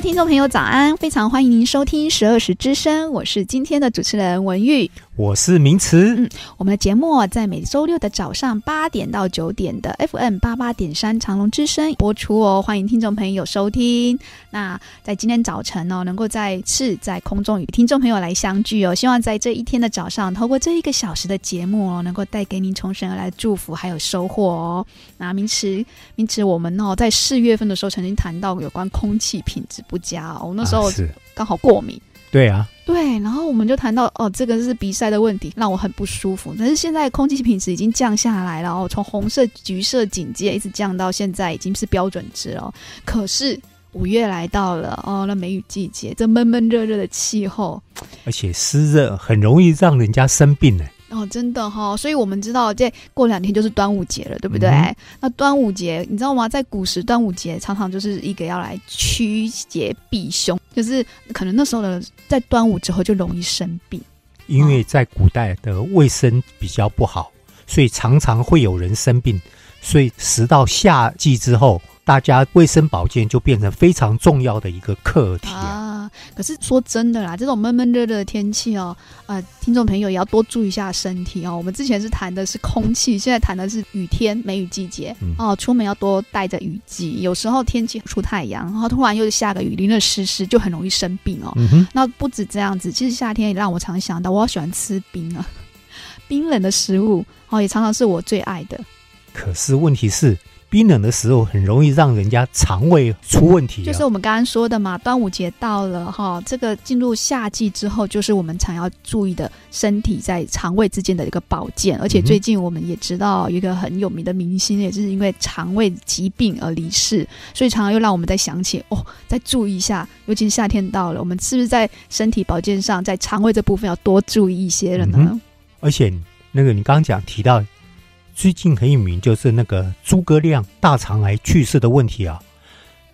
聽眾朋友，早安！非常歡迎您收聽《十二時之聲》，我是今天的主持人文玉。我是明慈，嗯，我們的節目在每周六的早上八點到九點的 FM 八八點三長榮之聲播出哦，歡迎聽眾朋友收聽。那在今天早晨哦，能夠再次在空中與聽眾朋友來相聚哦，希望在這一天的早上，透過這一個小時的節目哦，能夠帶給您從神而來的祝福還有收穫哦。那明慈，明慈，我們哦，在四月份的時候曾經談到有關空氣品質不佳哦，那時候剛好過敏。啊對啊，對，然後我們就談到哦，這個是鼻塞的問題，讓我很不舒服。但是現在空氣品質已經降下來了哦，從紅色、橘色警戒一直降到現在已經是標準值了。可是五月來到了哦，那梅雨季節，這悶悶熱熱的氣候，而且濕熱很容易讓人家生病呢、欸。哦，真的哈、哦，所以我們知道，這過兩天就是端午節了，對不對？嗯、那端午節，你知道嗎？在古時，端午節常常就是一個要來驅邪避凶，就是可能那時候的人在端午之後就容易生病，因為在古代的衛生比較不好、嗯，所以常常會有人生病，所以時到夏季之後，大家衛生保健就變成非常重要的一個課題。啊可是說真的啦，這種悶悶熱熱的天氣哦，呃，聽眾朋友也要多注意一下身體哦。我們之前是談的是空氣，現在談的是雨天、梅雨季節、嗯、哦，出門要多帶着雨具。有時候天氣出太陽，然後突然又下個雨，淋了濕濕就很容易生病哦、嗯。那不止這樣子，其實夏天也讓我常想到，我好喜歡吃冰啊， 冰冷的食物哦，也常常是我最愛的。可是問題是。冰冷的時候很容易讓人家腸胃出問題，就是我們剛剛說的嘛。端午節到了哈，這個進入夏季之後，就是我們常要注意的身體在腸胃之間的一個保健。而且最近我們也知道一個很有名的明星，也就是因為腸胃疾病而離世，所以常常又讓我們在想起哦，再注意一下。尤其夏天到了，我們是不是在身體保健上，在腸胃這部分要多注意一些了呢？嗯、而且，那個你剛剛講提到。最近很有名，就是那個諸葛亮大腸癌去世的問題啊。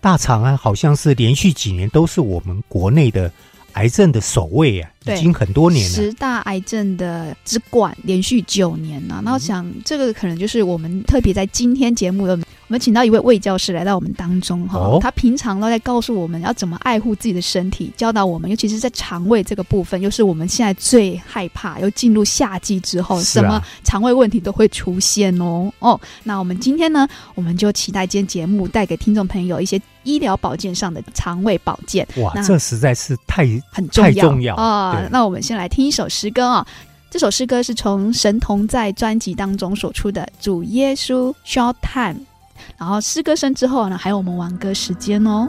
大腸癌、啊、好像是連續幾年都是我們國內的癌症的首位啊，已經很多年了。十大癌症的之冠連續九年了、啊。然後想、嗯，這個可能就是我們特別在今天節目的。我們請到一位衛教師來到我們當中哈、哦哦，他平常都在告訴我們要怎麼愛護自己的身體，教導我們，尤其是在腸胃這個部分，又、就是我們現在最害怕。又進入夏季之後，啊、什麼腸胃問題都會出現哦哦。那我們今天呢，我們就期待今天節目帶給聽眾朋友一些醫療保健上的腸胃保健。哇，這實在是太很重要啊、哦！那我們先來聽一首詩歌啊、哦，這首詩歌是從神同在專輯當中所出的《主耶穌 Short Time》。然後詩歌聲之後呢，還有我們玩歌時間哦。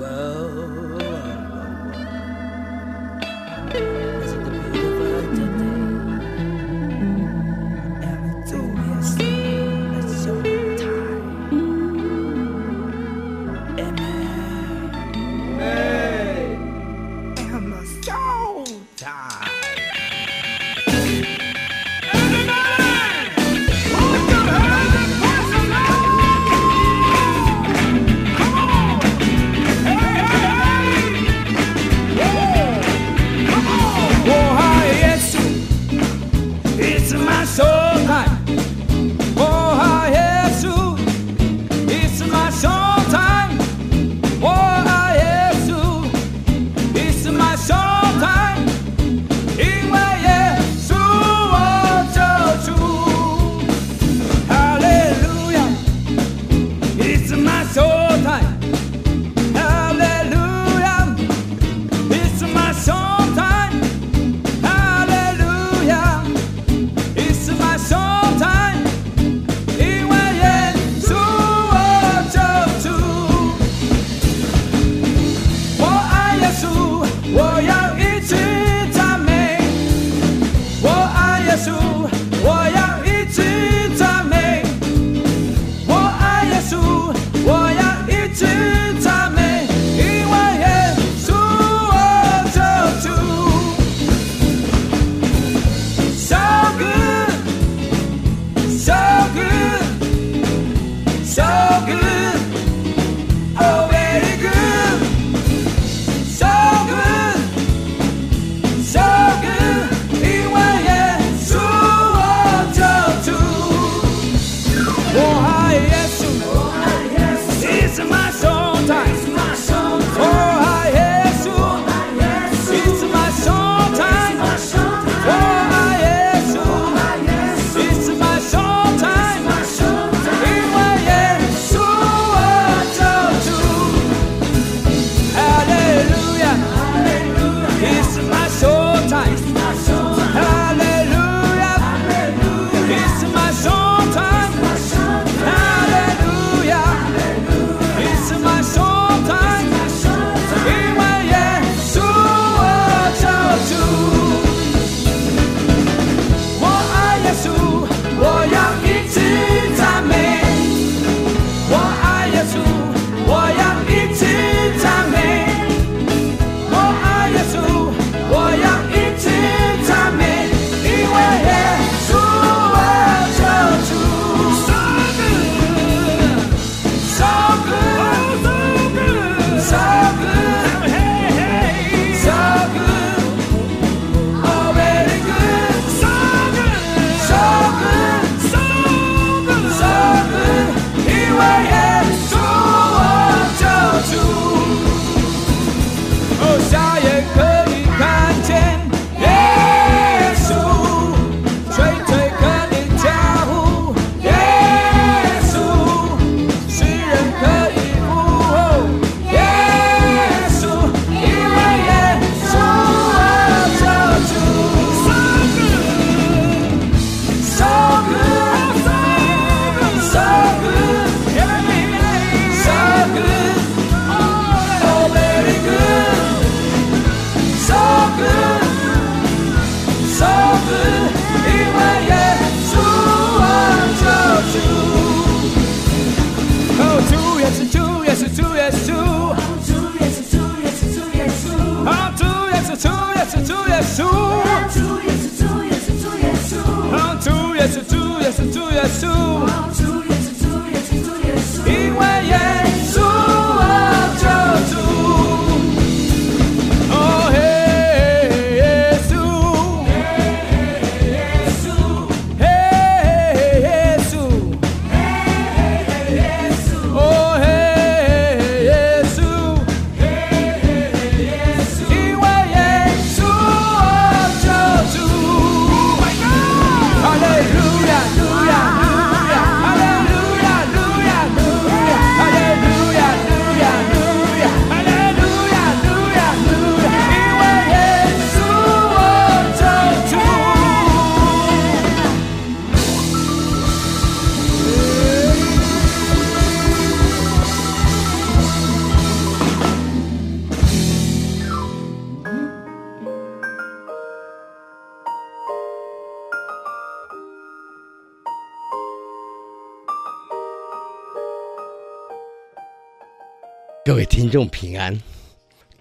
各位聽眾平安，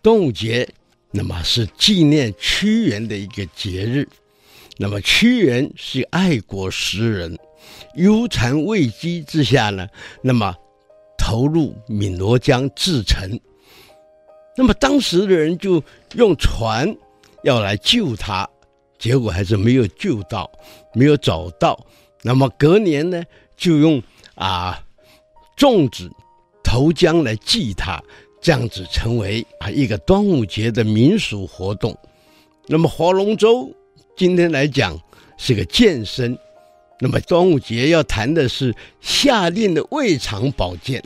端午節那麼是紀念屈原的一個節日。那麼屈原是愛國詩人，憂讒畏譏之下呢，那麼投入汨羅江自沉。那麼當時的人就用船要來救他，結果還是沒有救到，沒有找到。那麼隔年呢，就用啊粽子。投江來祭他，這樣子成為啊一個端午節的民俗活動。那麼划龍舟，今天來講是個健身。那麼端午節要談的是夏令的胃腸保健。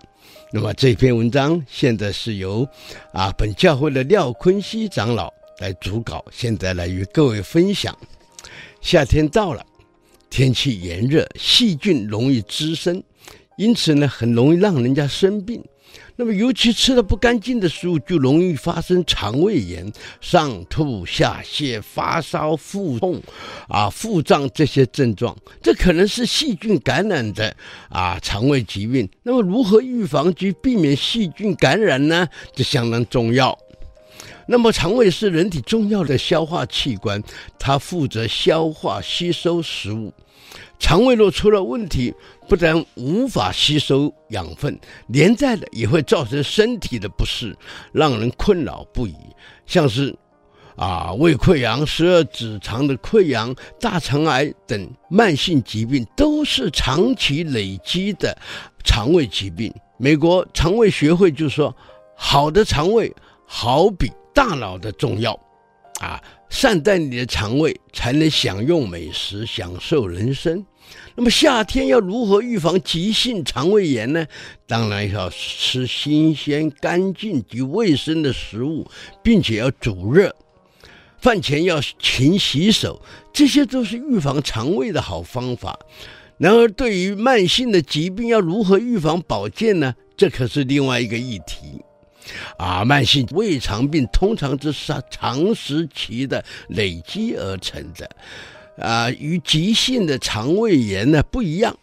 那麼這篇文章現在是由啊本教會的廖坤熙長老來主稿，現在來與各位分享。夏天到了，天氣炎熱，細菌容易滋生。因此呢，很容易讓人家生病。那麼，尤其吃了不乾淨的食物，就容易發生腸胃炎、上吐下瀉、發燒、腹痛，啊，腹脹這些症狀。這可能是細菌感染的啊，腸胃疾病。那麼，如何預防及避免細菌感染呢？這相當重要。那麼，腸胃是人體重要的消化器官，它負責消化吸收食物。腸胃若出了問題，不但無法吸收養分，連帶的也會造成身體的不適，讓人困擾不已。像是，啊，胃潰瘍、十二指腸的潰瘍、大腸癌等慢性疾病，都是長期累積的腸胃疾病。美國腸胃學會就說，好的腸胃好比大腦的重要，啊。善待你的腸胃，才能享用美食，享受人生。那麼，夏天要如何預防急性腸胃炎呢？當然要吃新鮮、乾淨及衛生的食物，並且要煮熱。飯前要勤洗手，這些都是預防腸胃的好方法。然而，對於慢性的疾病，要如何預防保健呢？這可是另外一個議題。啊，慢性胃腸病通常這是長時期的累積而成的，啊，與急性的腸胃炎呢不一樣。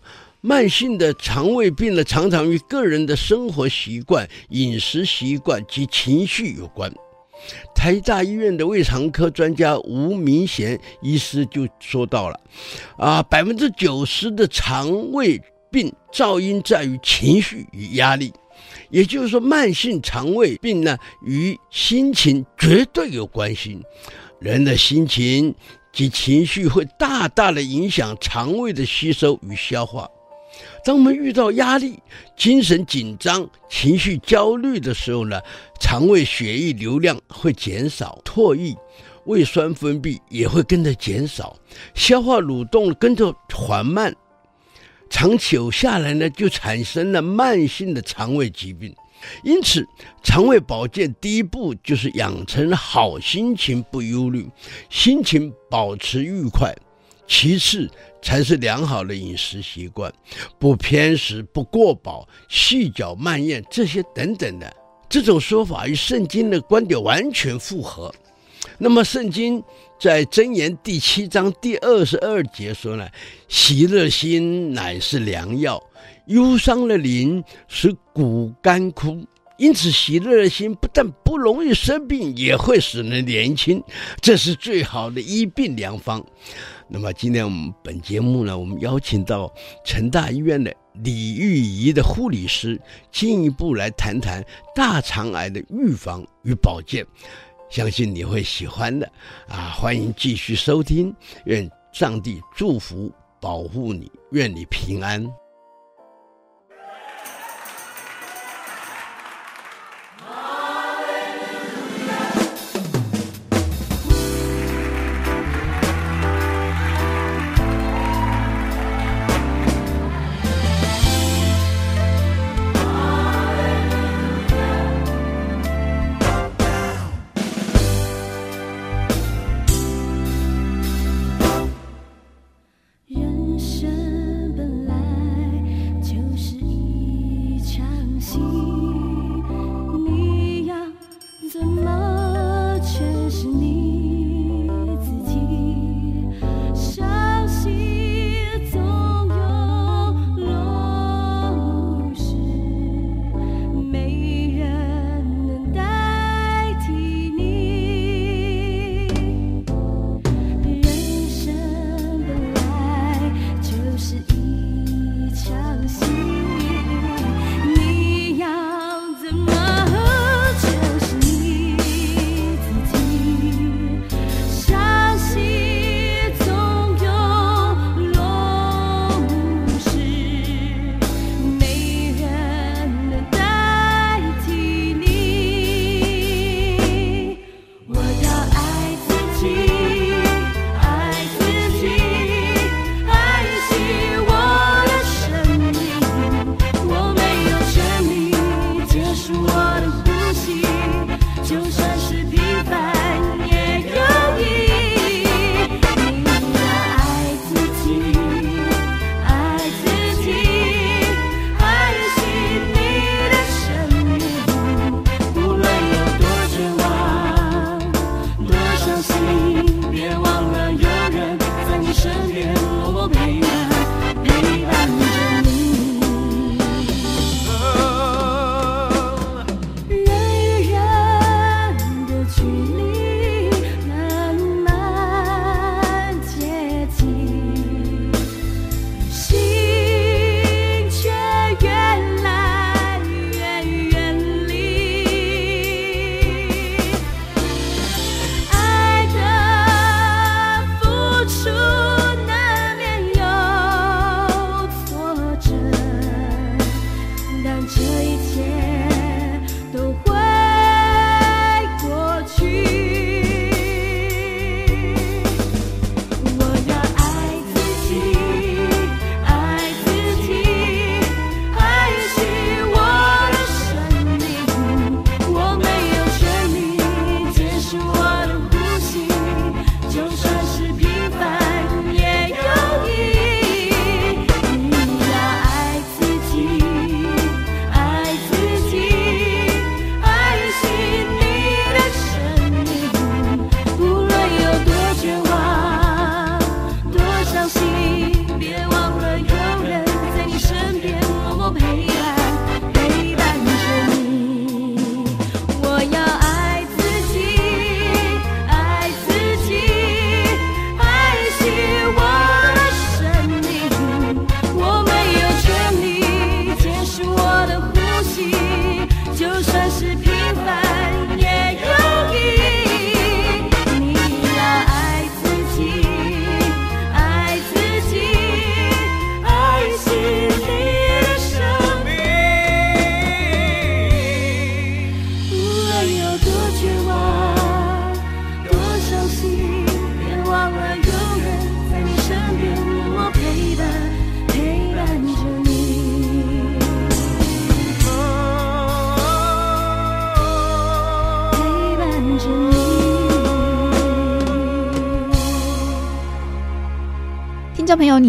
慢性的腸胃病呢，常常與個人的生活習慣、飲食習慣及情緒有關。台大醫院的胃腸科專家吳明賢醫師就說到了：啊，百分之九十的腸胃病肇因在於情緒與壓力。也就是說，慢性腸胃病呢，與心情絕對有關係。人的心情及情緒會大大的影響腸胃的吸收與消化。當我們遇到壓力、精神緊張、情緒焦慮的時候呢，腸胃血液流量會減少，唾液、胃酸分泌也會跟着減少，消化蠕動跟着緩慢。長久下來呢，就產生了慢性的腸胃疾病，因此，腸胃保健第一步就是養成好心情，不憂慮，心情保持愉快，其次才是良好的飲食習慣，不偏食，不過飽，細嚼慢嚥，這些等等的。這種說法與聖經的觀點完全符合。那麼，聖經。在箴言第七章第二十二節說呢，喜樂心乃是良藥，憂傷的靈使骨乾枯。因此，喜樂心不但不容易生病，也會使人年輕，這是最好的醫病良方。那麼，今天我們本節目呢，我們邀請到成大醫院的李玉琦的護理師，進一步來談談大腸癌的預防與保健。相信你會喜歡的，啊，歡迎繼續收聽，願上帝祝福保護你，願你平安。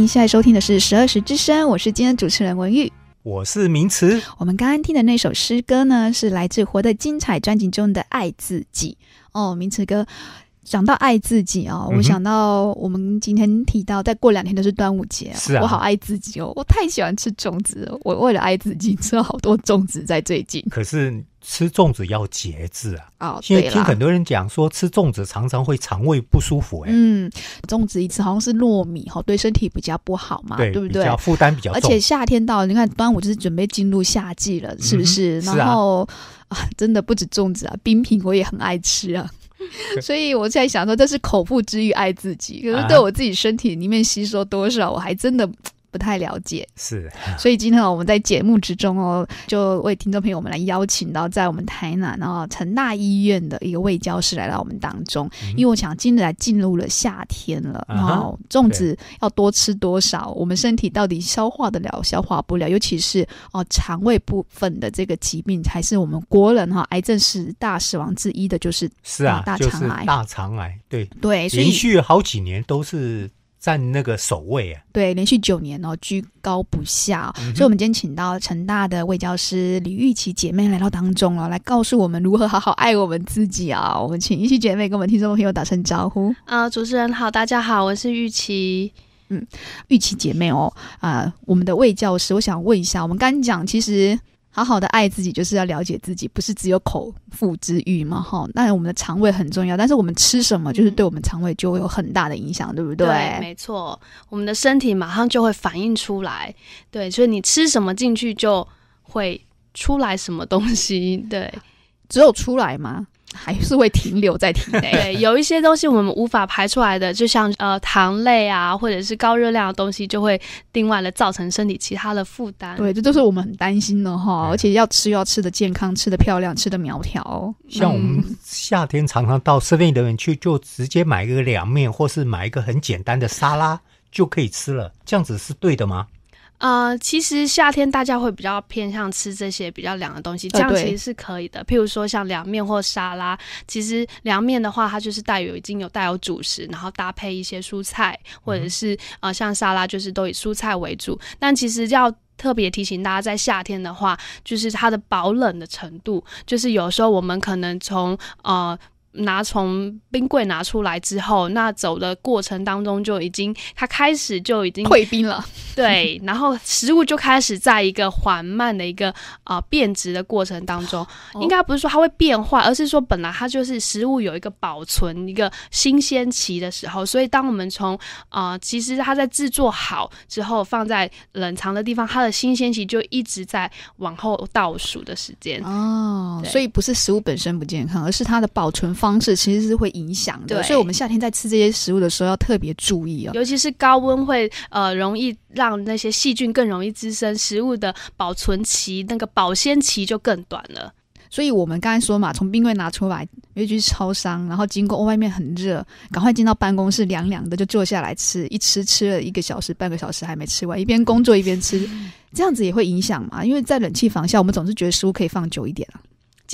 您現在收聽的是《十二時之聲》，我是今天主持人文玉，我是明慈。我們剛剛聽的那首詩歌呢，是來自《活得精彩》專輯中的《愛自己》哦。明慈哥，講到愛自己啊、哦嗯，我想到我們今天提到，再過兩天都是端午節、哦啊，我好愛自己哦，我太喜歡吃粽子了。我為了愛自己， 吃了好多粽子在最近。可是。吃粽子要節制啊！啊、哦，因為聽很多人講說吃粽子常常會腸胃不舒服，欸，哎，嗯，粽子一吃好像是糯米哈，對身體比較不好嘛，對，對不對？比較負擔比較重，而且夏天到了，你看端午就是準備進入夏季了，是不是？嗯、然後啊，啊，真的不止粽子啊，冰品我也很愛吃啊， 所以我在想說，這是口腹之欲愛自己，可是對我自己身體裡面吸收多少，嗯、我還真的。不太了解，是、啊，所以今天我們在節目之中哦，就為聽眾朋友們來邀請到在我們台南啊，成大醫院的一個衛教師來到我們當中，嗯、因為我想，今天來進入了夏天了，啊、然後粽子要多吃多少，我們身體到底消化得了，消化不了，尤其是哦腸胃部分的這個疾病，還是我們國人哈癌症十大死亡之一的，就是是啊大腸癌，啊就是、大腸癌，對對所以，連續好幾年都是。佔那個首位啊，對，連續九年哦，居高不下哦，嗯，所以，我們今天請到成大的衛教師李玉琦姐妹來到當中哦，來告訴我們如何好好愛我們自己啊。我們請玉琦姐妹跟我們聽眾朋友打聲招呼啊，主持人好，大家好，我是玉琦，嗯，玉琦姐妹哦，啊、呃，我們的衛教師，我想問一下，我們剛講其實。好好的愛自己，就是要了解自己，不是只有口腹之欲嘛？哈，那我們的腸胃很重要，但是我們吃什麼，就是對我們腸胃就會有很大的影響、嗯，對不對？對，沒錯，我們的身體馬上就會反應出來。對，所以你吃什麼進去，就會出來什麼東西。對，只有出來嗎？還是會停留在體內。對， 有一些東西我們無法排出來的，就像呃糖類啊，或者是高熱量的東西，就會另外的造成身體其他的負擔。對，這都是我們很擔心的哈。而且要吃，要吃得健康，嗯、吃得漂亮，吃得苗條。像我們夏天常常到市面裡面去，就直接買一個涼麵，或是買一個很簡單的沙拉就可以吃了，這樣子是對的嗎？呃，其實夏天大家會比較偏向吃這些比較涼的東西，這樣其實是可以的。哦、譬如說像涼麵或沙拉，其實涼麵的話，它就是帶有已經有帶有主食，然後搭配一些蔬菜，或者是呃像沙拉，就是都以蔬菜為主。嗯、但其實要特別提醒大家，在夏天的話，就是它的保冷的程度，就是有時候我們可能從呃。拿從冰櫃拿出來之後，那走的過程當中就已經，它開始就已經退冰了。對，然後食物就開始在一個緩慢的一個啊、呃、變質的過程當中。哦、應該不是說它會變化，而是說本來它就是食物有一個保存一個新鮮期的時候，所以當我們從啊、呃，其實它在制作好之後放在冷藏的地方，它的新鮮期就一直在往後倒數的時間。哦，所以不是食物本身不健康，而是它的保存放方式其實是會影響的，所以，我們夏天在吃這些食物的時候要特別注意哦。尤其是高溫會呃容易讓那些細菌更容易滋生，食物的保存期那個保鮮期就更短了。所以我們剛才說嘛，從冰櫃拿出來，尤其是超商，然後經過外面很熱，趕快進到辦公室涼涼的就坐下來吃，一吃吃了一個小時、半個小時還沒吃完，一邊工作一邊吃， 這樣子也會影響嘛？因為在冷氣房下，我們總是覺得食物可以放久一點啊。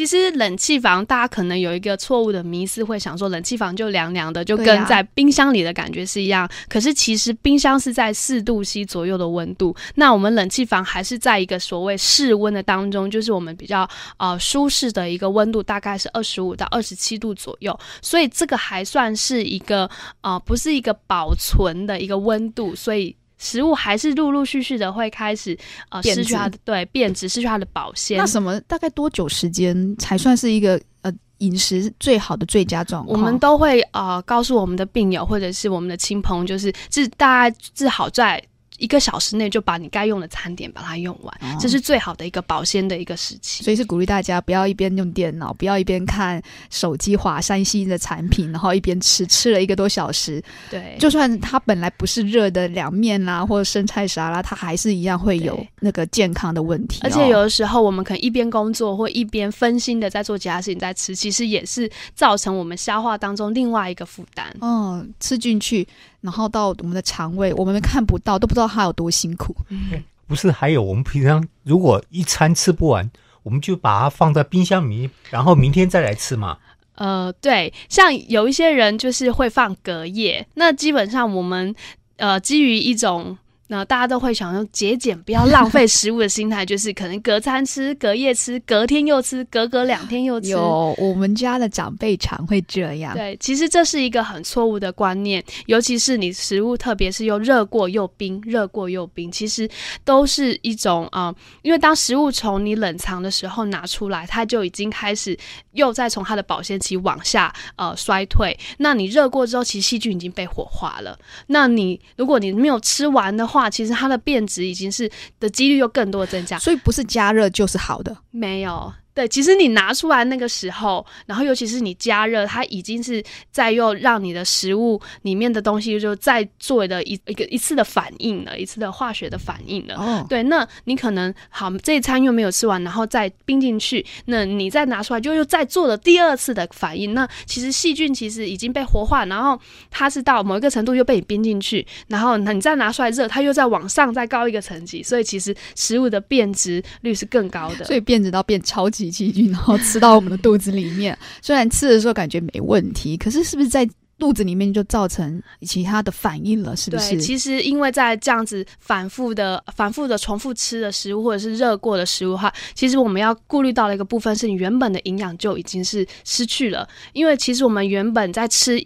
其實冷氣房，大家可能有一個錯誤的迷思，會想說冷氣房就涼涼的，就跟在冰箱裡的感覺是一樣。啊、可是其實冰箱是在四度 C 左右的溫度，那我們冷氣房還是在一個所謂室溫的當中，就是我們比較啊、呃、舒適的一個溫度，大概是二十五到二十七度左右。所以這個還算是一個啊、呃，不是一個保存的一個溫度，所以。食物還是陸陸續續的會開始呃失去它的變、對變質，失去它的保鮮。那什麼大概多久時間才算是一個呃飲食最好的最佳狀況？我們都會啊、呃、告訴我們的病友或者是我們的親朋，就是治大家治好在。一個小時內就把你該用的餐點把它用完，嗯、這是最好的一個保鮮的一個時期。所以是鼓勵大家不要一邊用電腦，不要一邊看手機滑三星的產品，然後一邊吃，吃了一個多小時。對、嗯，就算它本來不是熱的涼麵啦，或者生菜沙拉，它還是一樣會有那個健康的問題。哦、而且有的時候，我們可能一邊工作或一邊分心的在做其他事情在吃，其實也是造成我們消化當中另外一個負擔。嗯，吃進去。然後到我們的腸胃，我們看不到，都不知道它有多辛苦。嗯，不是，還有我們平常如果一餐吃不完，我們就把它放在冰箱裡，然後明天再來吃嘛。呃，對，像有一些人就是會放隔夜，那基本上我們呃基於一種，那大家都會想用節儉、不要浪費食物的心態， 就是可能隔餐吃、隔夜吃、隔天又吃、隔隔兩天又吃。有我們家的長輩常會這樣。對，其實這是一個很錯誤的觀念，尤其是你食物，特別是又熱過又冰、熱過又冰，其實都是一種啊、呃，因為當食物從你冷藏的時候拿出來，它就已經開始又再從它的保鮮期往下呃衰退。那你熱過之後，其實細菌已經被活化了。那你如果你沒有吃完的話，其實它的變質已經是的幾率又更多增加，所以不是加熱就是好的，沒有。對，其實你拿出來那個時候，然後尤其是你加熱，它已經是在又讓你的食物裡面的東西，就在做的一一個一次的反應了，一次的化學的反應了。哦、對，那你可能好這一餐又沒有吃完，然後再冰進去，那你再拿出來就又在做的第二次的反應。那其實細菌其實已經被活化，然後它是到某一個程度又被你冰進去，然後那你再拿出來熱，它又再往上再高一個層級，所以其實食物的變質率是更高的，所以變質到變超級。細菌，然後吃到我們的肚子裡面。雖然吃的時候感覺沒問題，可是是不是在肚子裡面就造成其他的反應了？是不是？對，其實因為在這樣子反覆的、反覆的、重複吃的食物，或者是熱過的食物哈，其實我們要顧慮到的一個部分是你原本的營養就已經是失去了。因為其實我們原本在吃。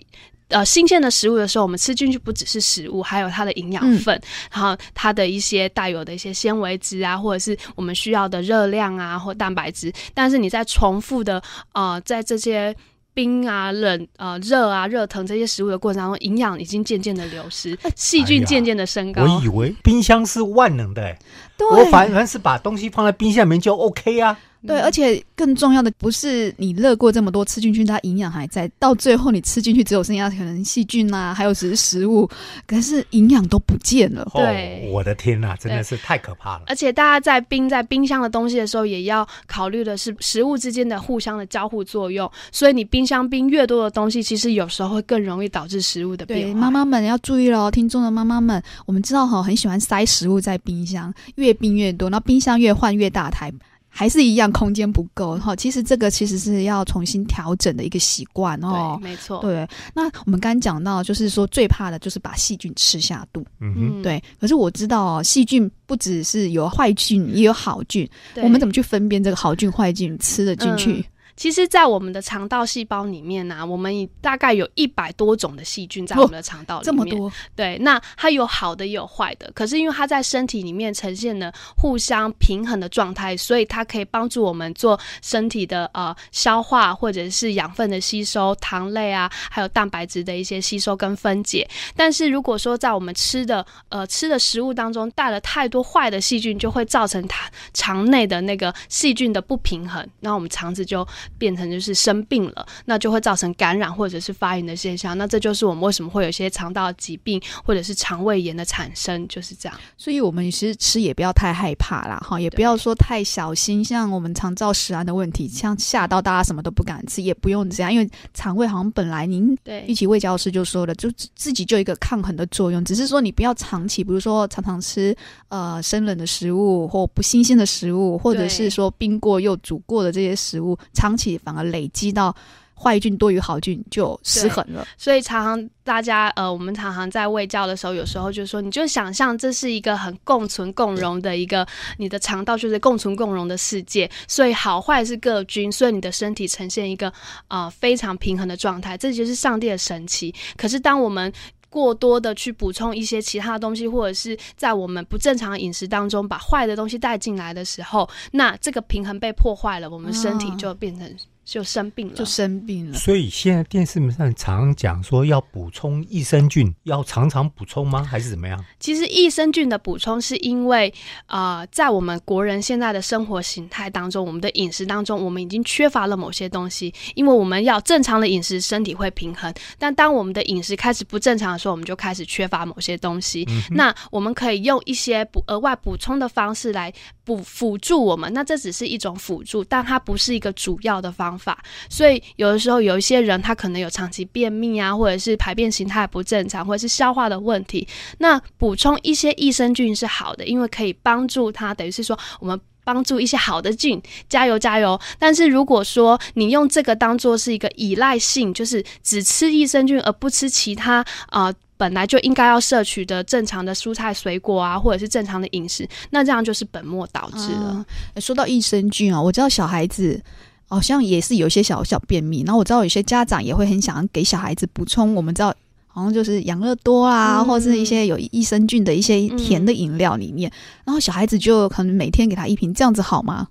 呃，新鮮的食物的時候，我們吃進去不只是食物，還有它的營養分，嗯，然後它的一些帶有的一些纖維質啊，或者是我們需要的熱量啊，或蛋白質。但是你在重複的啊，呃，在這些冰啊、冷、呃、熱啊、熱啊、熱騰這些食物的過程當中，營養已經漸漸的流失，細菌漸漸的升高。哎，我以為冰箱是萬能的。欸對，我反而是把東西放在冰箱裡面就 OK 啊。對，而且更重要的不是你熱過這麼多次菌菌，吃進去它營養還在，到最後你吃進去只有剩下可能細菌吶、啊，還有只是食物，可是營養都不見了。對，我的天吶，真的是太可怕了。而且大家在冰在冰箱的東西的時候，也要考慮的是食物之間的互相的交互作用。所以你冰箱冰越多的東西，其實有時候會更容易導致食物的變化。對，媽媽們要注意嘍，聽眾的媽媽們，我們知道哈，很喜歡塞食物在冰箱，越冰越多，然後冰箱越換越大台。還是一樣，空間不夠哈。其實這個其實是要重新調整的一個習慣哦。對，沒錯。對，那我們剛剛講到，就是說最怕的就是把細菌吃下肚。嗯哼。對。可是我知道哦，細菌不只是有壞菌，也有好菌。對。我們怎麼去分辨這個好菌壞菌，吃得進去？嗯其實，在我們的腸道細胞裡面呢、啊，我們大概有一百多種的細菌在我們的腸道裡面、哦。這麼多？對，那它有好的也有壞的。可是因為它在身體裡面呈現了互相平衡的狀態，所以它可以幫助我們做身體的呃消化或者是養分的吸收，糖類啊，還有蛋白質的一些吸收跟分解。但是如果說在我們吃的呃吃的食物當中帶了太多壞的細菌，就會造成它腸內的那個細菌的不平衡，那我們腸子就。變成就是生病了，那就會造成感染或者是發炎的現象。那這就是我們為什麼會有一些腸道疾病或者是腸胃炎的產生，就是這樣。所以，我們其實吃也不要太害怕啦，哈，也不要說太小心。像我們腸道食安的問題，像嚇到大家什麼都不敢吃，也不用這樣，因為腸胃好像本來您對一起衛教師就說了，就自己就有一個抗衡的作用，只是說你不要長期，比如說常常吃呃生冷的食物或不新鮮的食物，或者是說冰過又煮過的這些食物，常反而累積到壞菌多於好菌，就失衡了。所以常常大家，呃，我們常常在衛教的時候，有時候就是說，你就想象這是一個很共存共榮的一個你的腸道，就是共存共榮的世界。所以好壞是各菌，所以你的身體呈現一個啊、呃、非常平衡的狀態，這就是上帝的神奇。可是當我們過多的去補充一些其他的東西，或者是在我們不正常的飲食當中把壞的東西帶進來的時候，那這個平衡被破壞了，我們身體就變成。就生病了，就生病了。所以現在電視上常講說要補充益生菌，要常常補充嗎？還是怎麼樣？其實益生菌的補充是因為，啊、呃，在我們國人現在的生活形態當中，我們的飲食當中，我們已經缺乏了某些東西。因為我們要正常的飲食，身體會平衡。但當我們的飲食開始不正常的時候，我們就開始缺乏某些東西。嗯、那我們可以用一些補額外補充的方式來。輔輔助我們，那這只是一種輔助，但它不是一個主要的方法。所以有的時候有一些人他可能有長期便秘啊，或者是排便形態不正常，或者是消化的問題。那補充一些益生菌是好的，因為可以幫助他，等於是說我們幫助一些好的菌，加油加油。但是如果說你用這個當做是一個依賴性，就是只吃益生菌而不吃其他啊。呃本來就應該要攝取的正常的蔬菜水果啊，或者是正常的飲食，那這樣就是本末倒置了。嗯。說到益生菌啊，我知道小孩子好像也是有些小小便秘，然後我知道有些家長也會很想要給小孩子補充，我們知道好像就是養樂多啊，嗯，或者是一些有益生菌的一些甜的飲料裡面，嗯嗯，然後小孩子就可能每天給他一瓶，這樣子好嗎？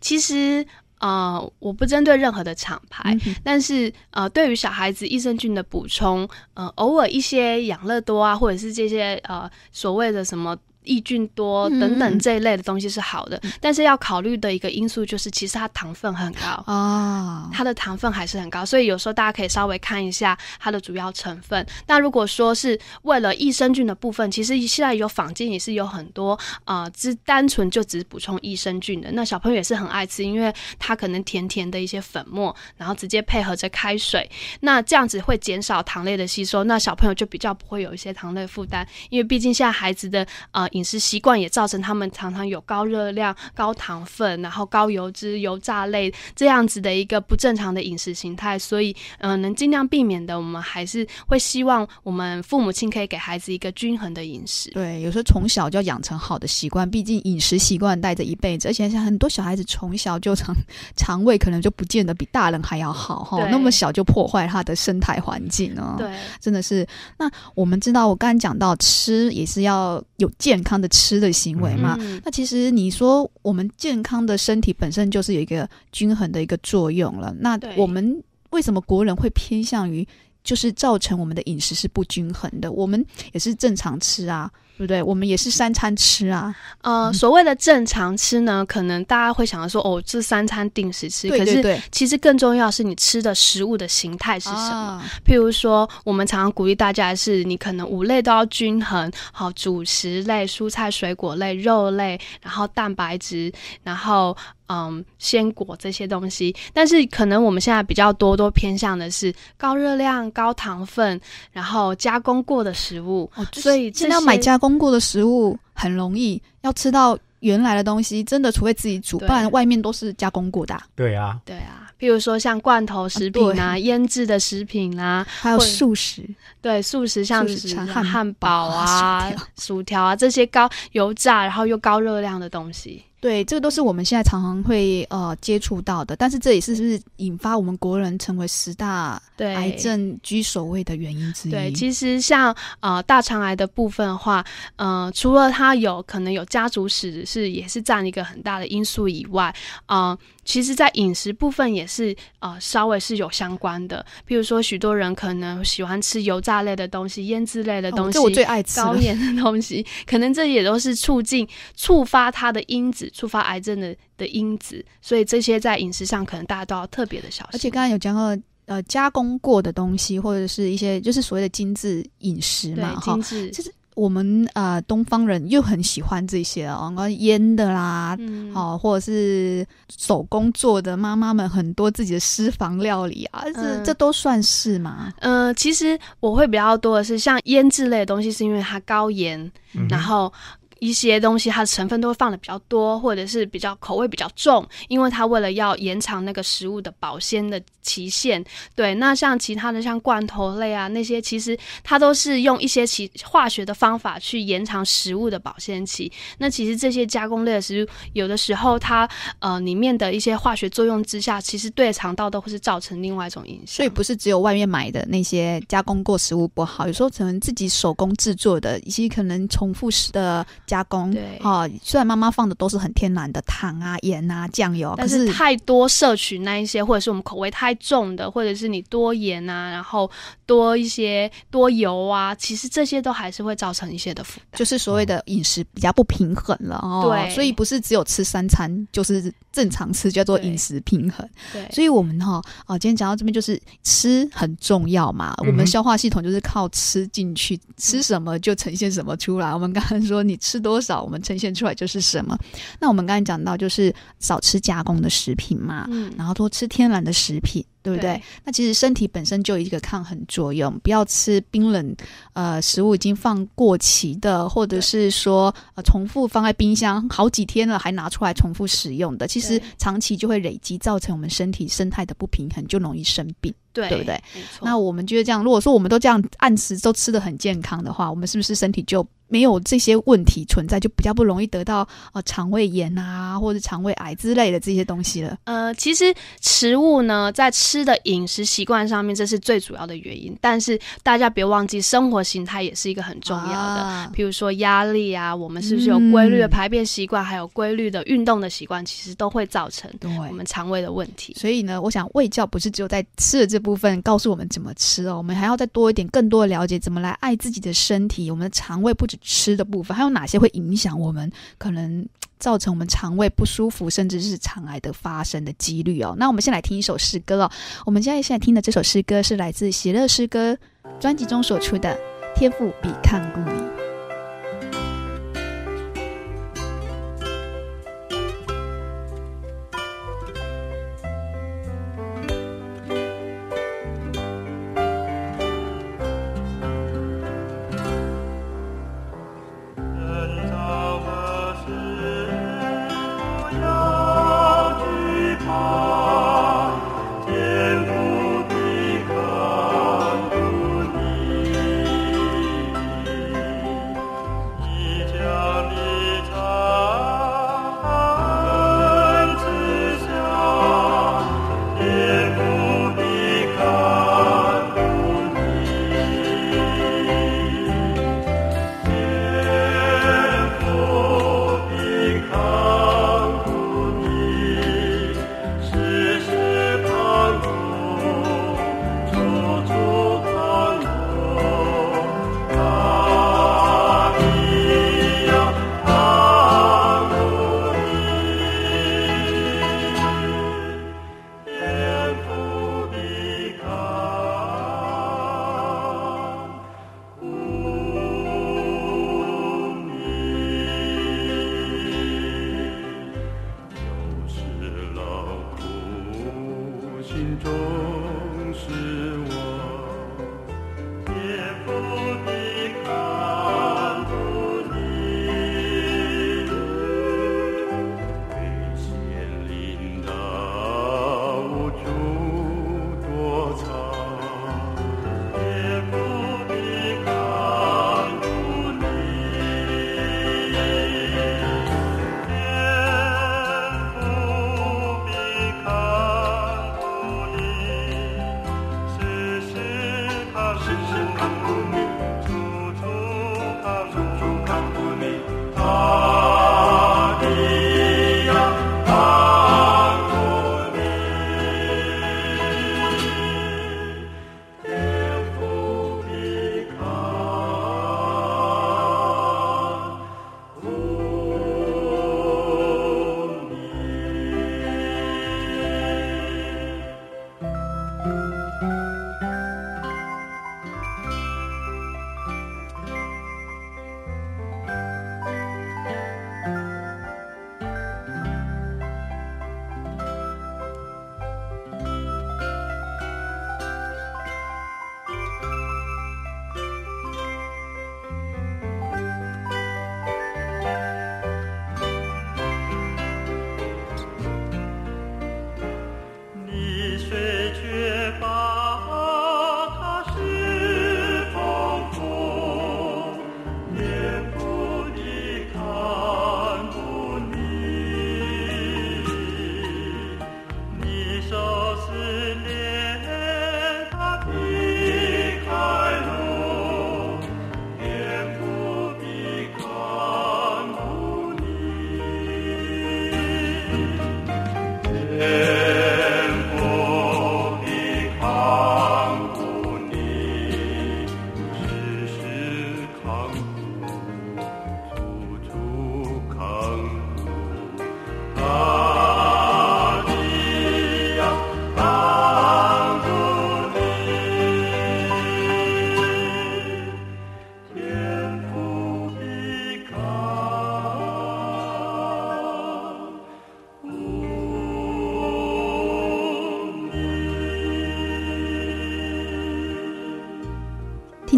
其實。啊、呃，我不針對任何的廠牌，嗯、但是啊、呃，對於小孩子益生菌的補充，呃，偶爾一些養樂多啊，或者是這些呃所謂的什麼。益菌多等等這一類的東西是好的，嗯、但是要考慮的一個因素就是，其實它糖分很高啊、哦，它的糖分還是很高，所以有時候大家可以稍微看一下它的主要成分。那如果說是為了益生菌的部分，其實現在有坊間也是有很多啊、呃，只單純就只補充益生菌的。那小朋友也是很愛吃，因為它可能甜甜的一些粉末，然後直接配合着開水，那這樣子會減少糖類的吸收，那小朋友就比較不會有一些糖類負擔，因為畢竟現在孩子的呃。飲食習慣也造成他們常常有高熱量、高糖分，然後高油脂、油炸類這樣子的一個不正常的飲食形態。所以，嗯、呃，能儘量避免的，我們還是會希望我們父母親可以給孩子一個均衡的飲食。對，有時候從小就要養成好的習慣，畢竟飲食習慣帶着一輩子。而且像很多小孩子從小就腸腸胃可能就不見得比大人還要好齁，那麼小就破壞他的生態環境呢、啊。對，真的是。那我們知道我，我剛講到吃也是要有健康。康的吃的行為嘛，嗯，那其實你說我們健康的身體本身就是有一個均衡的一個作用了。那我們為什麼國人會偏向於？就是造成我們的飲食是不均衡的，我們也是正常吃啊，對不對？我們也是三餐吃啊。嗯、呃，所謂的正常吃呢，可能大家會想到說，哦，這三餐定時吃。對對對。可是其實更重要是你吃的食物的形態是什麼？啊。譬如說，我們常常鼓勵大家的是，你可能五類都要均衡，好，主食類、蔬菜水果類、肉類，然後蛋白質，然後。嗯，鮮果這些東西，但是可能我們現在比較多都偏向的是高熱量、高糖分，然後加工過的食物。哦，所以現在買加工過的食物很容易，要吃到原來的東西，真的除非自己煮，不然外面都是加工過的啊。對啊，對啊，譬如說像罐頭食品啊、醃制的食品啊，還有素食。對，素食像是素食漢堡啊，像漢堡啊、薯條啊這些高油炸，然後又高熱量的東西。對，這個都是我們現在常常會呃接觸到的，但是這也是是不是引發我們國人成為十大癌症居首位的原因之一？對，對其實像呃大腸癌的部分的話，嗯、呃，除了它有可能有家族史也是也是占一個很大的因素以外啊。呃其實，在飲食部分也是啊、呃，稍微是有相關的。比如說，許多人可能喜歡吃油炸類的東西、醃製類的東西，高、哦，這我最愛吃了、鹽的東西，可能這也都是促進、觸發它的因子，觸發癌症的的因子。所以，這些在飲食上可能大家都要特別的小心。而且，剛剛有講過呃，加工過的東西，或者是一些就是所謂的精致飲食嘛，精致。哦我們啊、呃，東方人又很喜歡這些哦，醃的啦，好、嗯哦，或者是手工做的，媽媽們很多自己的私房料理啊，這、嗯、這都算是嘛。嗯、呃，其實我會比較多的是像醃製類的東西，是因為它高鹽、嗯，然後。一些東西它的成分都會放的比較多，或者是比較口味比較重，因為它為了要延長那個食物的保鮮的期限。對，那像其他的像罐頭類啊那些，其實它都是用一些其化學的方法去延長食物的保鮮期。那其實這些加工類的食物，有的時候它呃裡面的一些化學作用之下，其實對腸道都會是造成另外一種影響。所以不是只有外面買的那些加工過食物不好，有時候可能自己手工製作的一些可能重複食的。加工對哦，雖然媽媽放的都是很天然的糖啊、鹽啊、醬油，但是太多攝取那一些，或者是我們口味太重的，或者是你多鹽啊，然後多一些多油啊，其實這些都還是會造成一些的負擔，就是所謂的飲食比較不平衡了、嗯、哦。對，所以不是只有吃三餐就是正常吃，叫做飲食平衡對。對，所以我們哈哦，今天講到這邊就是吃很重要嘛，嗯，我們消化系統就是靠吃進去，吃什麼就呈現什麼出來。嗯、我們剛剛說你吃，是多少，我們呈現出來就是什麼。那我們剛才講到，就是少吃加工的食品嘛，嗯，然後多吃天然的食品，對不對？對。那其實身體本身就有一個抗衡作用，不要吃冰冷呃食物，已經放過期的，或者是說呃重複放在冰箱好幾天了，還拿出來重複使用的，其實長期就會累積，造成我們身體生態的不平衡，就容易生病，對，對不對？沒錯。那我們覺得這樣，如果說我們都這樣按時都吃得很健康的話，我們是不是身體就？沒有這些問題存在，就比較不容易得到、呃、腸胃炎啊，或者腸胃癌之類的這些東西了。呃，其實食物呢，在吃的飲食習慣上面，這是最主要的原因。但是大家別忘記，生活形態也是一個很重要的。譬、啊、如說壓力啊，我們是不是有規律的排便習慣，嗯、還有規律的運動的習慣，其實都會造成對我們腸胃的問題。所以呢，我想衛教不是只有在吃的這部分告訴我們怎麼吃哦，我們還要再多一點，更多的了解怎麼來愛自己的身體。我們的腸胃不止。吃的部分，還有哪些會影響我們？可能造成我們腸胃不舒服，甚至是腸癌的發生的幾率哦。那我們先來聽一首詩歌哦。我們現在現在聽的這首詩歌是來自《喜樂詩歌》專輯中所出的《天父必看顧你》。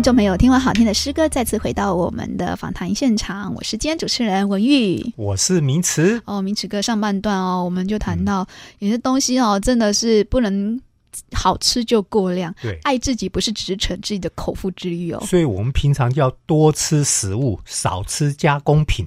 都沒有聽完好聽的詩歌，再次回到我們的訪談現場。我是今天主持人文玉，我是明慈哦。明慈哥，上半段哦，我們就談到有些東西哦、嗯，真的是不能好吃就過量。對，愛自己不是只是逞自己的口腹之欲哦。所以我們平常就要多吃食物，少吃加工品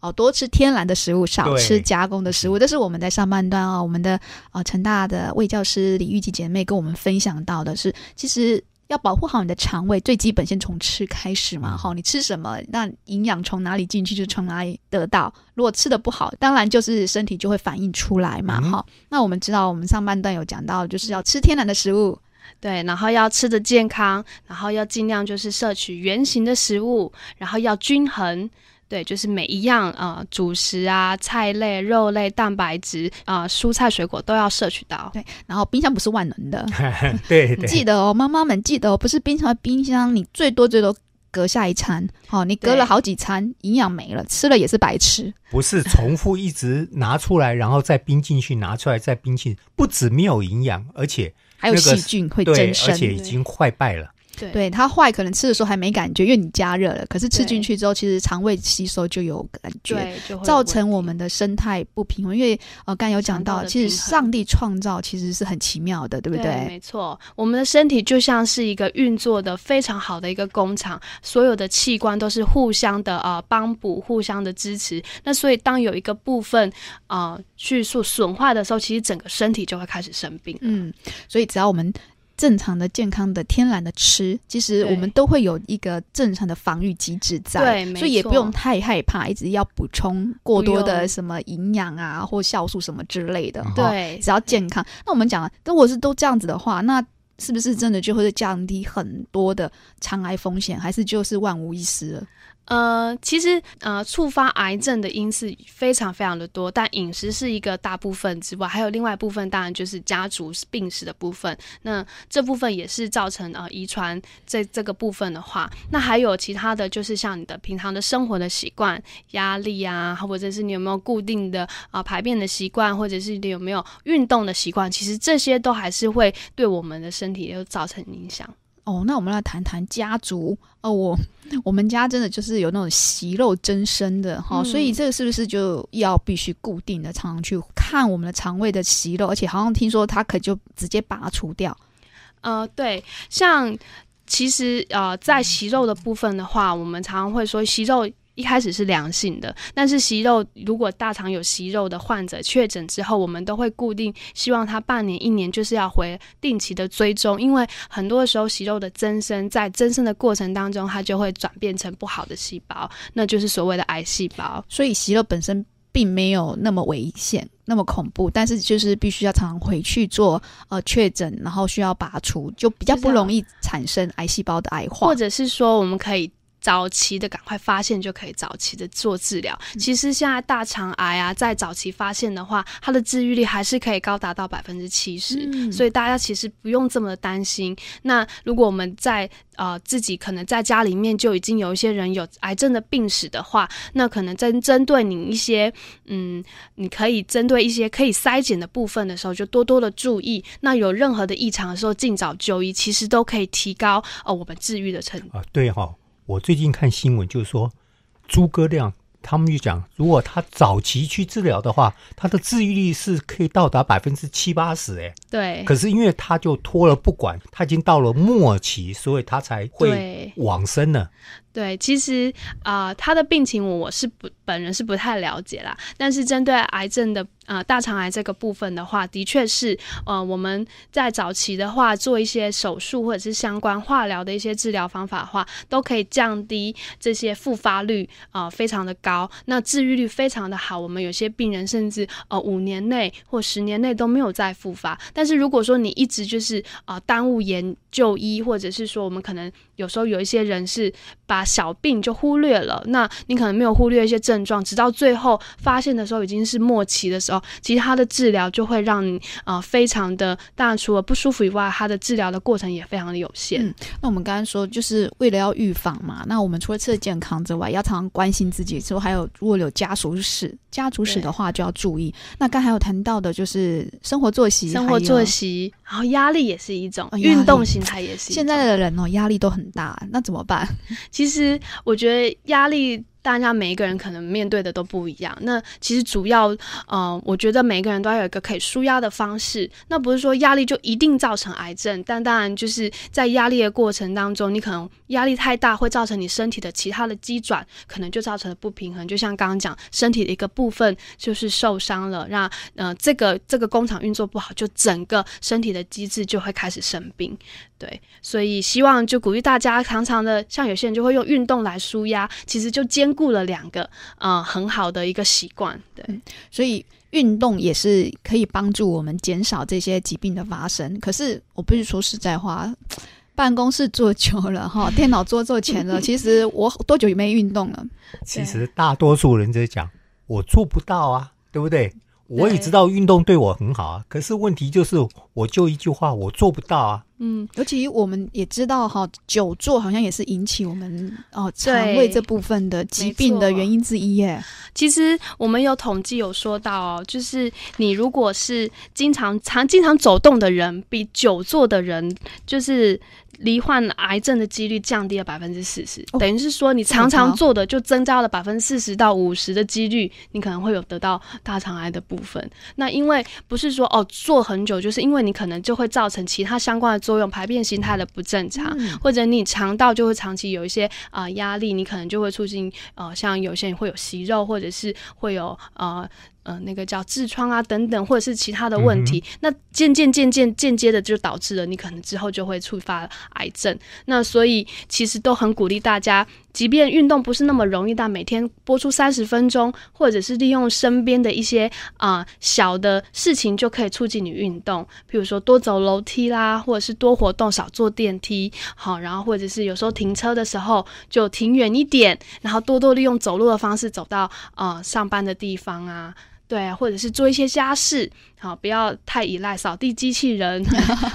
哦，多吃天然的食物，少吃加工的食物。這是我們在上半段哦，我們的啊、呃、成大的衛教師李玉琦姐、姐妹跟我們分享到的是，其實。要保護好你的腸胃，最基本先從吃開始嘛，哈，你吃什麼，那營養從哪裡進去就從哪裡得到。如果吃得不好，當然就是身體就會反應出來嘛，哈、嗯。那我們知道，我們上半段有講到，就是要吃天然的食物，嗯、對，然後要吃的健康，然後要盡量就是攝取原型的食物，然後要均衡。對，就是每一樣啊、呃，主食啊、菜類、肉類、蛋白質啊、呃、蔬菜水果都要攝取到。對，然後冰箱不是萬能的。 對，對記得哦，媽媽們記得哦，不是冰箱，冰箱你最多最多隔下一餐。好、哦，你隔了好幾餐，營養沒了，吃了也是白吃。不是重複一直拿出來， 然後再冰進去，拿出來再冰進去，不止沒有營養，而且、那個、還有細菌會增生，而且已經壞敗了。對，它壞，可能吃的時候還沒感覺，因為你加熱了。可是吃進去之後，其實腸胃吸收就有感覺有，造成我們的生態不平衡。因為呃，剛有講到，其實上帝創造其實是很奇妙的，對不對，對？沒錯，我們的身體就像是一個運作的非常好的一個工廠，所有的器官都是互相的啊、呃，幫補、互相的支持。那所以當有一個部分啊、呃、去受損壞的時候，其實整個身體就會開始生病。嗯，所以只要我們。正常的、健康的、天然的吃，其實我們都會有一個正常的防御機制在，對所以也不用太害怕，一直要補充過多的什麼營養啊或酵素什麼之類的對。對，只要健康。那我們講了，如果是都這樣子的話，那是不是真的就會降低很多的腸癌風險，還是就是萬無一失？了？呃，其實呃，觸發癌症的因素非常非常的多，但飲食是一個大部分之外，還有另外一部分，當然就是家族病史的部分。那這部分也是造成呃遺傳這這個部分的話，那還有其他的就是像你的平常的生活的習慣、壓力啊，或者是你有沒有固定的啊、呃、排便的習慣，或者是你有沒有運動的習慣，其實這些都還是會對我們的身體有造成影響。哦，那我們來談談家族哦，我我們家真的就是有那種息肉增生的哈、嗯哦，所以這個是不是就要必須固定的常常去看我們的腸胃的息肉，而且好像聽說它可以就直接拔除掉，呃，對，像其實呃在息肉的部分的話，我們常常會說息肉。一開始是良性的，但是息肉，如果大腸有息肉的患者確診之後，我們都會固定希望他半年一年就是要回定期的追蹤，因為很多時候息肉的增生，在增生的過程當中，它就會轉變成不好的細胞，那就是所謂的癌細胞。所以息肉本身並沒有那麼危險、那麼恐怖，但是就是必須要常常回去做呃確診，然後需要拔除，就比較不容易產生癌細胞的癌化，或者是說我們可以。早期的趕快發現就可以早期的做治療，嗯。其實現在大腸癌啊，在早期發現的話，它的治癒率還是可以高達到百分之七十。所以大家其實不用這麼的擔心。那如果我們在呃自己可能在家裡面就已經有一些人有癌症的病史的話，那可能針針對你一些嗯，你可以針對一些可以篩檢的部分的時候，就多多的注意。那有任何的異常的時候，儘早就醫，其實都可以提高呃我們治癒的程度啊。對哈、哦。我最近看新聞，就是說諸葛亮，他們就講，如果他早期去治療的話，他的治癒率是可以到達百分之七八十，哎、欸，對。可是因為他就拖了不管，他已經到了末期，所以他才會往生呢。對，其實啊、呃，他的病情，我我是不本人是不太了解啦。但是針對癌症的啊、呃，大腸癌這個部分的話，的確是呃，我們在早期的話做一些手術或者是相關化療的一些治療方法的話，都可以降低這些復發率啊、呃，非常的高。那治癒率非常的好，我們有些病人甚至呃五年內或十年內都沒有再復發。但是如果說你一直就是啊、呃，耽誤研究醫或者是說我們可能有時候有一些人是把小病就忽略了，那你可能沒有忽略一些症狀，直到最後發現的時候已經是末期的時候，其實他的治療就會讓你啊、呃、非常的，當然除了不舒服以外，他的治療的過程也非常的有限。嗯、那我們剛剛說就是為了要預防嘛，那我們除了吃健康之外，要常常關心自己，之後還有如果有家族史，家族史的話就要注意。那剛才還有談到的就是生活作息，生活作息，然後壓力也是一種，哦、運動形態也是。現在的人哦，壓力都很大，那怎麼辦？其實。其實我覺得壓力，大家每一個人可能面對的都不一樣。那其實主要，呃，我覺得每個人都要有一個可以舒壓的方式。那不是說壓力就一定造成癌症，但當然就是在壓力的過程當中，你可能壓力太大會造成你身體的其他的機轉，可能就造成了不平衡。就像剛剛講，身體的一個部分就是受傷了，那呃，這個這個工廠運作不好，就整個身體的機制就會開始生病。對，所以希望就鼓勵大家，常常的，像有些人就會用運動來舒壓，其實就兼顧了兩個，嗯、呃，很好的一個習慣。對，嗯、所以運動也是可以幫助我們減少這些疾病的發生。可是，我不是說實在話，辦公室坐久了哈，電腦桌坐前了， 其實我多久也沒運動了 ？其實大多數人在講，我做不到啊，對不對？我也知道運動對我很好啊，可是問題就是，我就一句話，我做不到啊。嗯，尤其我們也知道哈，久坐好像也是引起我們哦腸胃這部分的疾病的原因之一耶。其實我們有統計有說到哦，就是你如果是經常常經常走動的人，比久坐的人就是，罹患癌症的幾率降低了百分之四十，等於是說你常常做的就增加了百分之四十到五十的幾率，你可能會有得到大腸癌的部分。那因為不是說哦做很久，就是因為你可能就會造成其他相關的作用，排便形態的不正常，或者你腸道就會長期有一些啊壓力，你可能就會促進呃像有些人會有息肉，或者是會有呃。呃，那個叫痔瘡啊，等等，或者是其他的問題，嗯、那漸漸漸漸間接的就導致了你可能之後就會觸發癌症。那所以其實都很鼓勵大家，即便運動不是那麼容易，但每天播出三十分鐘，或者是利用身邊的一些啊、呃、小的事情就可以促進你運動，譬如說多走樓梯啦，或者是多活動少坐電梯，好，然後或者是有時候停車的時候就停遠一點，然後多多利用走路的方式走到啊、呃、上班的地方啊。對啊，或者是做一些家事，好、哦、不要太依賴掃地機器人，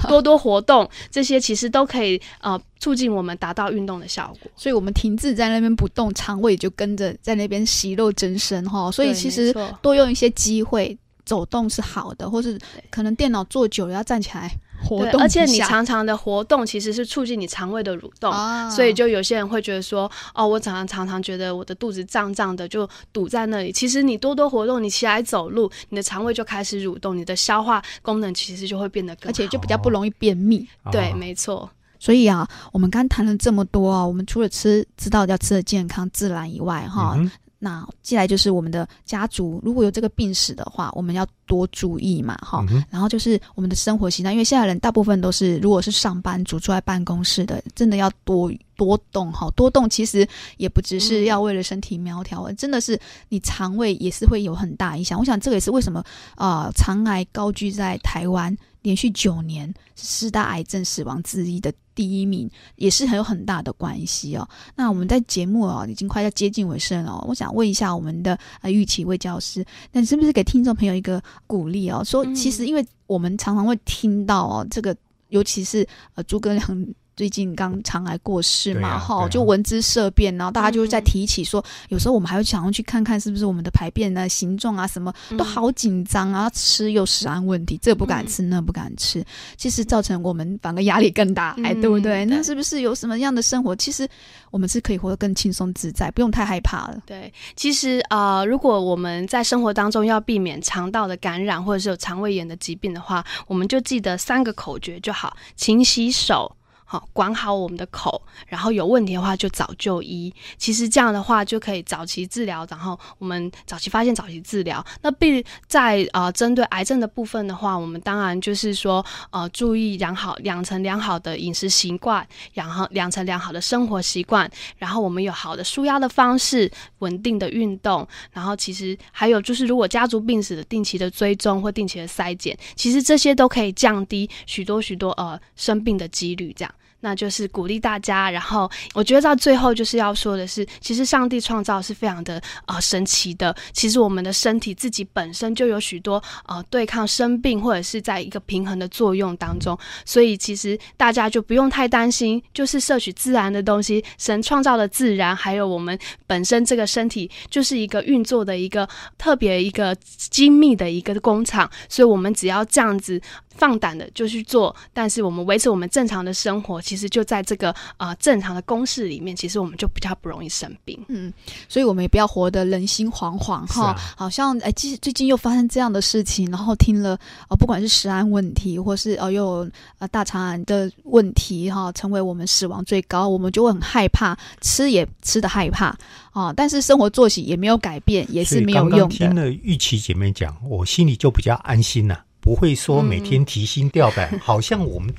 多多活動， 這些其實都可以呃促進我們達到運動的效果。所以我們停滯在那邊不動，腸胃就跟着在那邊息肉增生哈。所以其實多用一些機會走動是好的，或是可能電腦坐久了要站起來。活動對，而且你常常的活動其實是促進你腸胃的蠕動，啊，所以就有些人會覺得說，哦，我常常常覺得我的肚子脹脹的，就堵在那裡。其實你多多活動，你起來走路，你的腸胃就開始蠕動，你的消化功能其實就會變得更好，而且就比較不容易便秘。哦、對，啊、沒錯。所以啊，我們剛談了這麼多啊、哦，我們除了吃，知道要吃的健康自然以外哈、哦嗯，那既然就是我們的家族如果有這個病史的話，我們要多注意嘛，哈、哦嗯，然後就是我們的生活習慣，因為現在人大部分都是，如果是上班族坐在辦公室的，真的要多多動，哈、哦，多動其實也不只是要為了身體苗條，真的是你腸胃也是會有很大影響。我想這個也是為什麼啊，呃，腸癌高居在台灣連續九年是四大癌症死亡之一的第一名，也是很有很大的關係哦。那我們在節目哦，已經快要接近尾聲了，我想問一下我們的呃玉琦衛教師，那你是不是給聽眾朋友一個？鼓勵哦，說，其實因為我們常常會聽到哦，嗯、這個尤其是呃諸葛亮。最近剛腸癌過世嘛，哈、啊啊，就聞之色變，然後大家就是在提起說、嗯，有時候我們還會想要去看看是不是我們的排便呢形狀啊什麼，都好緊張啊，嗯、吃又食安問題，嗯、這個、不敢吃，那不敢吃，其實造成我們反而壓力更大，哎、嗯欸，對不對？嗯、對。那是不是有什麼樣的生活，其實我們是可以活得更輕鬆自在，不用太害怕了。對，其實啊、呃，如果我們在生活當中要避免腸道的感染或者是有腸胃炎的疾病的話，我們就記得三個口訣就好：勤洗手。好、哦，管好我們的口，然後有問題的話就早就醫。其實這樣的話就可以早期治療，然後我們早期發現、早期治療。那並在呃，針對癌症的部分的話，我們當然就是說，呃，注意養好、養成良好的飲食習慣，養好、養成良好的生活習慣，然後我們有好的舒壓的方式，穩定的運動，然後其實還有就是，如果家族病史的定期的追蹤或定期的篩檢，其實這些都可以降低許多許多，許多呃生病的幾率，這樣。那就是鼓勵大家，然後我覺得到最後就是要說的是，其實上帝創造是非常的呃神奇的。其實我們的身體自己本身就有許多呃對抗生病或者是在一個平衡的作用當中，所以其實大家就不用太擔心，就是攝取自然的東西，神創造的自然，還有我們本身這個身體就是一個運作的一個特別一個精密的一個工廠，所以我們只要這樣子。放膽的就去做，但是我們維持我們正常的生活，其實就在這個啊、呃、正常的公式裡面，其實我們就比較不容易生病。嗯，所以我們也不要活得人心惶惶哈、啊哦，好像哎，即最近又發生這樣的事情，然後聽了啊、哦，不管是食安問題，或是哦又啊、呃、大腸癌的問題哈、哦，成為我們死亡最高，我們就會很害怕，吃也吃得害怕啊、哦，但是生活作息也沒有改變，也是沒有用的。所以剛剛聽了玉琦姐妹講，我心裡就比較安心了、啊。不會說每天提心吊膽，嗯，好像我們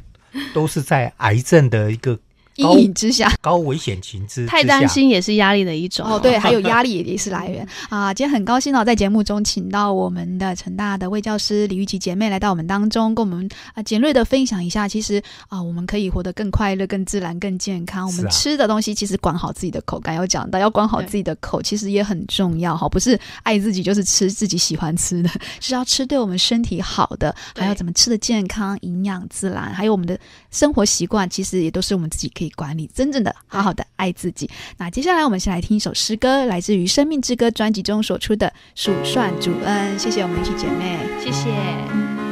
都是在癌症的一個陰影之下，高危險情緒，太擔心也是壓力的一種 哦。對，還有壓力也是來源 啊。今天很高興哦，在節目中請到我們的成大的衛教師李玉琦姐妹來到我們當中，跟我們啊簡略的分享一下。其實啊，我們可以活得更快樂、更自然、更健康。我們吃的東西其實管好自己的口感，要、啊、講到要管好自己的口，其實也很重要。好，不是愛自己就是吃自己喜歡吃的，是要吃對我們身體好的，還要怎麼吃的健康、營養、自然，還有我們的生活習慣，其實也都是我們自己可以。管理，真正的好好的愛自己。那接下來我們先來聽一首詩歌，來自於《生命之歌》專輯中所出的《數算主恩》。謝謝我們玉琦姐妹，嗯、謝謝。嗯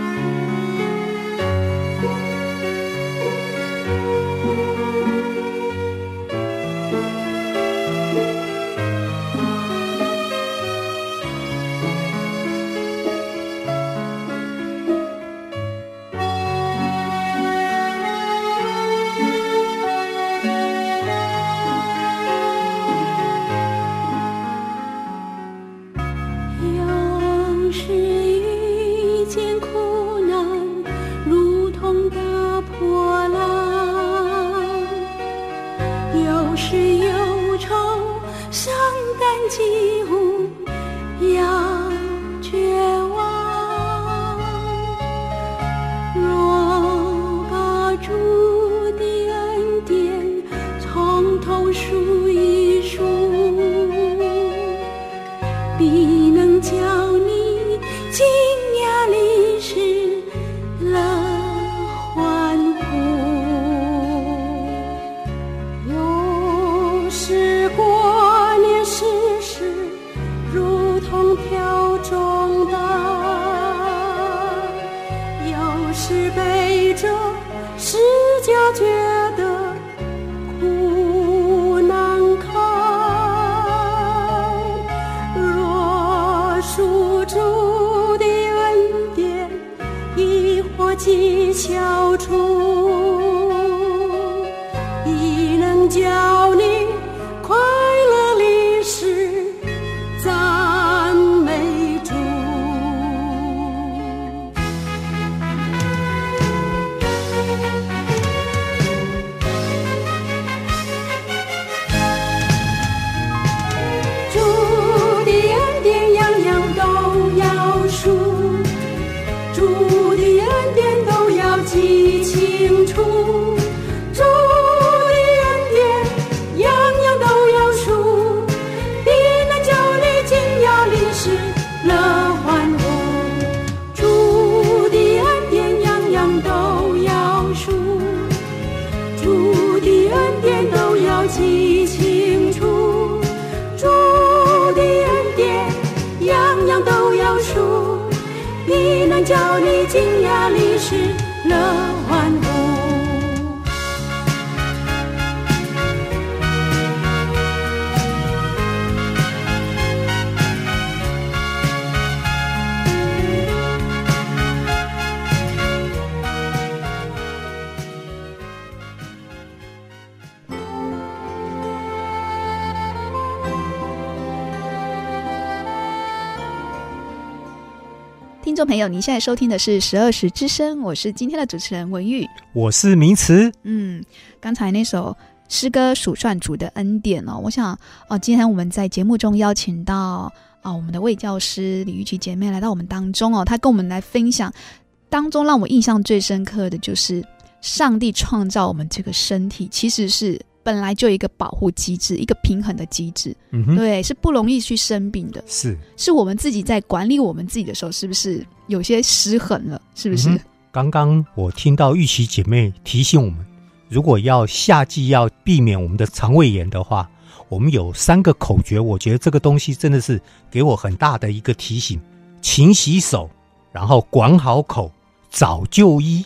你現在收聽的是《十二時之聲》，我是今天的主持人文玉，我是明慈。嗯，剛才那首詩歌《數算主的恩典》哦，我想哦，今天我們在節目中邀請到啊、哦，我們的衛教師李玉琦姐妹來到我們當中哦，她跟我們來分享當中讓我印象最深刻的，就是上帝創造我們這個身體其實是。本來就一個保護機制，一個平衡的機制。嗯哼，對，是不容易去生病的。是，是我們自己在管理我們自己的時候，是不是有些失衡了？是不是？嗯、剛剛我聽到玉琦姐妹提醒我們，如果要夏季要避免我們的腸胃炎的話，我們有三個口訣。我覺得這個東西真的是給我很大的一個提醒：勤洗手，然後管好口，早就醫。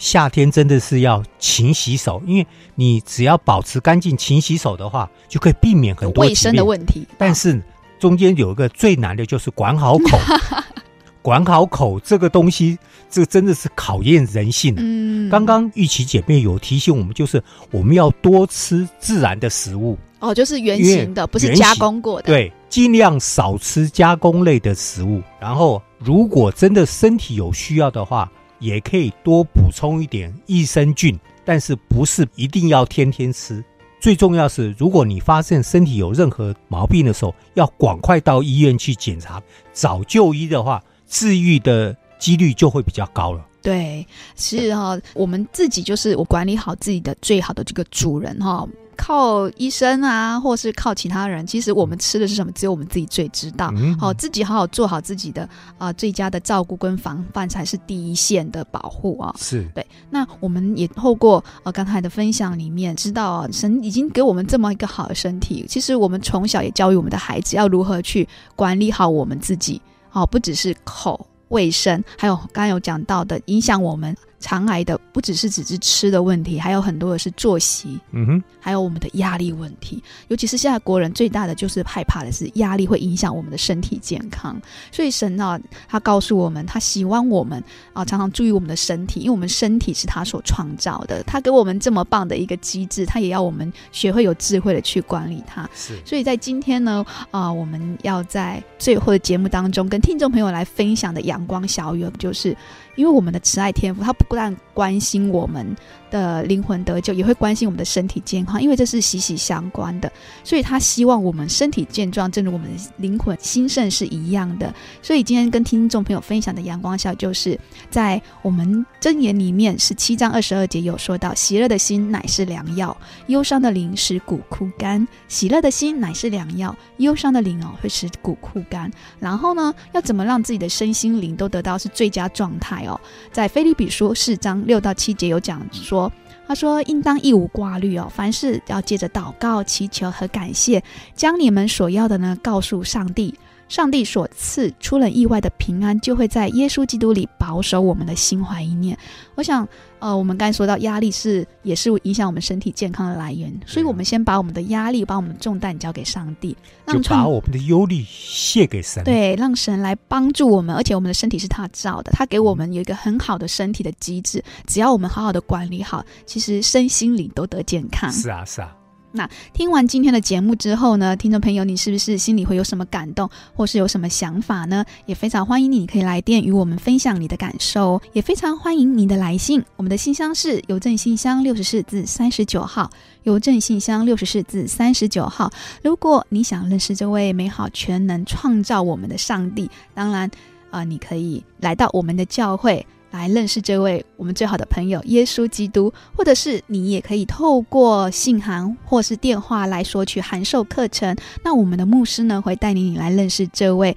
夏天真的是要勤洗手，因為你只要保持乾淨、勤洗手的話，就可以避免很多衛生的問題。但是中間有一個最難的就是管好口， 管好口這個東西，這真的是考驗人性。嗯，剛剛玉琦姐妹有提醒我們，就是我們要多吃自然的食物，哦，就是原型的，原型，不是加工過的。對，盡量少吃加工類的食物。然後，如果真的身體有需要的話。也可以多補充一點益生菌，但是不是一定要天天吃。最重要是，如果你發現身體有任何毛病的時候，要趕快到醫院去檢查，早就醫的話，治癒的幾率就會比較高了。對，是哈，我們自己就是我管理好自己的最好的這個主人哈。靠醫生啊，或是靠其他人，其實我們吃的是什麼，只有我們自己最知道。好、哦，自己好好做好自己的啊、呃，最佳的照顧跟防範，才是第一線的保護啊、哦。是，對。那我們也透過呃剛才的分享裡面知道、哦、神已經給我們這麼一個好的身體。其實我們從小也教育我們的孩子要如何去管理好我們自己。哦，不只是口衛生，還有剛才有講到的影響我們腸癌的不只是只是吃的問題，還有很多的是作息，嗯哼，還有我們的壓力問題。尤其是現在國人最大的就是害怕的是壓力會影響我們的身體健康。所以神啊，他告訴我們，他希望我們啊、呃，常常注意我們的身體，因為我們身體是他所創造的，他給我們這麼棒的一個機制，他也要我們學會有智慧的去管理它。是，所以在今天呢啊、呃，我們要在最後的節目當中跟聽眾朋友來分享的陽光小語就是。因為我們的慈愛天父，他不但關心我們的靈魂得救，也會關心我們的身體健康，因為這是息息相關的。所以他希望我們身體健壯，正如我們的靈魂興盛是一樣的。所以今天跟聽眾朋友分享的陽光笑，就是在我們箴言裡面十七章二十二節有說到：喜樂的心乃是良藥，憂傷的靈使骨枯乾。喜樂的心乃是良藥，憂傷的靈哦會使骨枯乾。然後呢，要怎麼讓自己的身心靈都得到是最佳狀態？哦，在《腓立比書》四章六到七節有講說，他說：“應當一無掛慮哦，凡事要借着禱告、祈求和感謝，將你們所要的呢告訴上帝。”上帝所賜、出了意外的平安，就會在耶穌基督裡保守我們的心懷意念。我想，呃，我們剛才說到壓力是，也是影響我們身體健康的來源，所以我們先把我們的壓力、把我們的重擔交給上帝，讓神就把我們的憂慮卸給神，對，讓神來幫助我們。而且我們的身體是他造的，他給我們有一個很好的身體的機制，只要我們好好的管理好，其實身心靈都得健康。是啊，是啊。那聽完今天的節目之後呢，聽眾朋友，你是不是心裡會有什麼感動，或是有什麼想法呢？也非常歡迎你可以來電與我們分享你的感受，也非常歡迎你的來信。我們的信箱是郵政信箱六十四至三十九號，郵政信箱六十四至三十九號。如果你想認識這位美好全能創造我們的上帝，當然啊，呃，你可以來到我們的教會。來認識這位我們最好的朋友耶穌基督，或者是你也可以透過信函或是電話來索取函授課程。那我們的牧師呢，會帶領你來認識這位。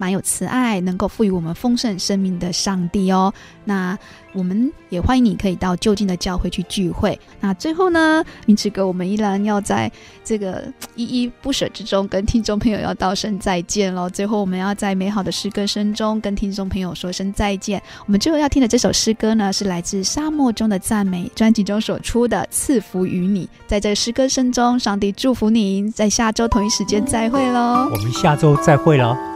滿有慈愛，能夠賦予我們豐盛生命的上帝哦。那我們也歡迎你可以到就近的教會去聚會。那最後呢，明慈哥，我們依然要在這個依依不捨之中，跟聽眾朋友要道聲再見嘍。最後，我們要在美好的詩歌聲中，跟聽眾朋友說聲再見。我們最後要聽的這首詩歌呢，是來自《沙漠中的讚美》專輯中所出的《賜福於你》。在這詩歌聲中，上帝祝福您。在下周同一時間再會嘍。我們下周再會嘍。